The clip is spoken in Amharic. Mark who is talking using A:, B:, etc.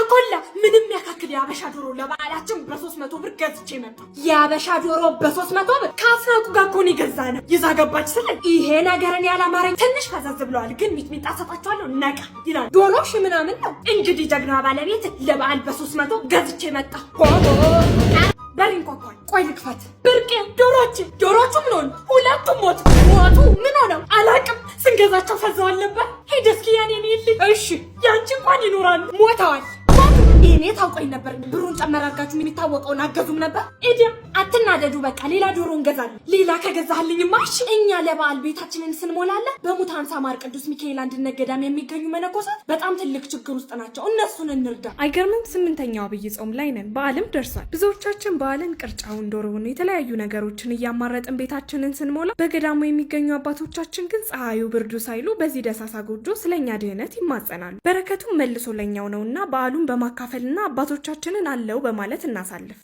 A: አጎላ ምንም ያካክል የአበሻ ዶሮ ለበዓላችን በሶስት መቶ ብር ገዝቼ መጣ። የአበሻ ዶሮ በሶስት መቶ ብር ከአስናቁ ጋር እኮ ነው የገዛ ይዛ ገባች ስለ ይሄ ነገርን ያላማረኝ ትንሽ ፈዘዝ ብለዋል፣ ግን ሚጥሚጣ ሰጣቸዋለሁ ነቃ ይላል። ዶሮ ሺ ምናምን ነው እንግዲህ። ጀግና ባለቤት ለበዓል በሶስት መቶ ገዝቼ መጣ። በሬ እንኳኳል። ቆይ ልክፈት። ብርቄ ዶሮች ዶሮቹ ምን ሆኑ? ሁለቱም ሞቱ። ሞቱ ምን ሆነው አላቅም። ስንገዛቸው ፈዘዋል ነበር። ሄደስኪ ያኔ እሺ፣ ያንቺ እንኳን ይኖራሉ፣ ሞተዋል እኔ ታውቀኝ ነበር። ብሩን ጨመር አድርጋችሁ የሚታወቀውን አገዙም ነበር ኤደን አትናደዱ። በቃ ሌላ ዶሮ እንገዛለን። ሌላ ከገዛልኝ ማሽ እኛ ለበዓል ቤታችንን ስንሞላለ በሙት ማር ቅዱስ ሚካኤል አንድነት ገዳም የሚገኙ መነኮሳት በጣም ትልቅ ችግር ውስጥ ናቸው። እነሱን እንርዳ። አይገርምም? ስምንተኛው አብይ ጾም ላይ ነን። በዓልም ደርሷል። ብዙዎቻችን በዓልን ቅርጫውን፣ ዶሮውን፣ የተለያዩ ነገሮችን እያማረጥን ቤታችንን ስንሞላ በገዳሙ የሚገኙ አባቶቻችን ግን ፀሐዩ ብርዱ ሳይሉ በዚህ ደሳሳ ጎጆ ስለኛ ድህነት ይማጸናሉ። በረከቱም መልሶ ለኛው ነውና በዓሉን በማካፈልና አባቶቻችንን አለው በማለት እናሳልፍ።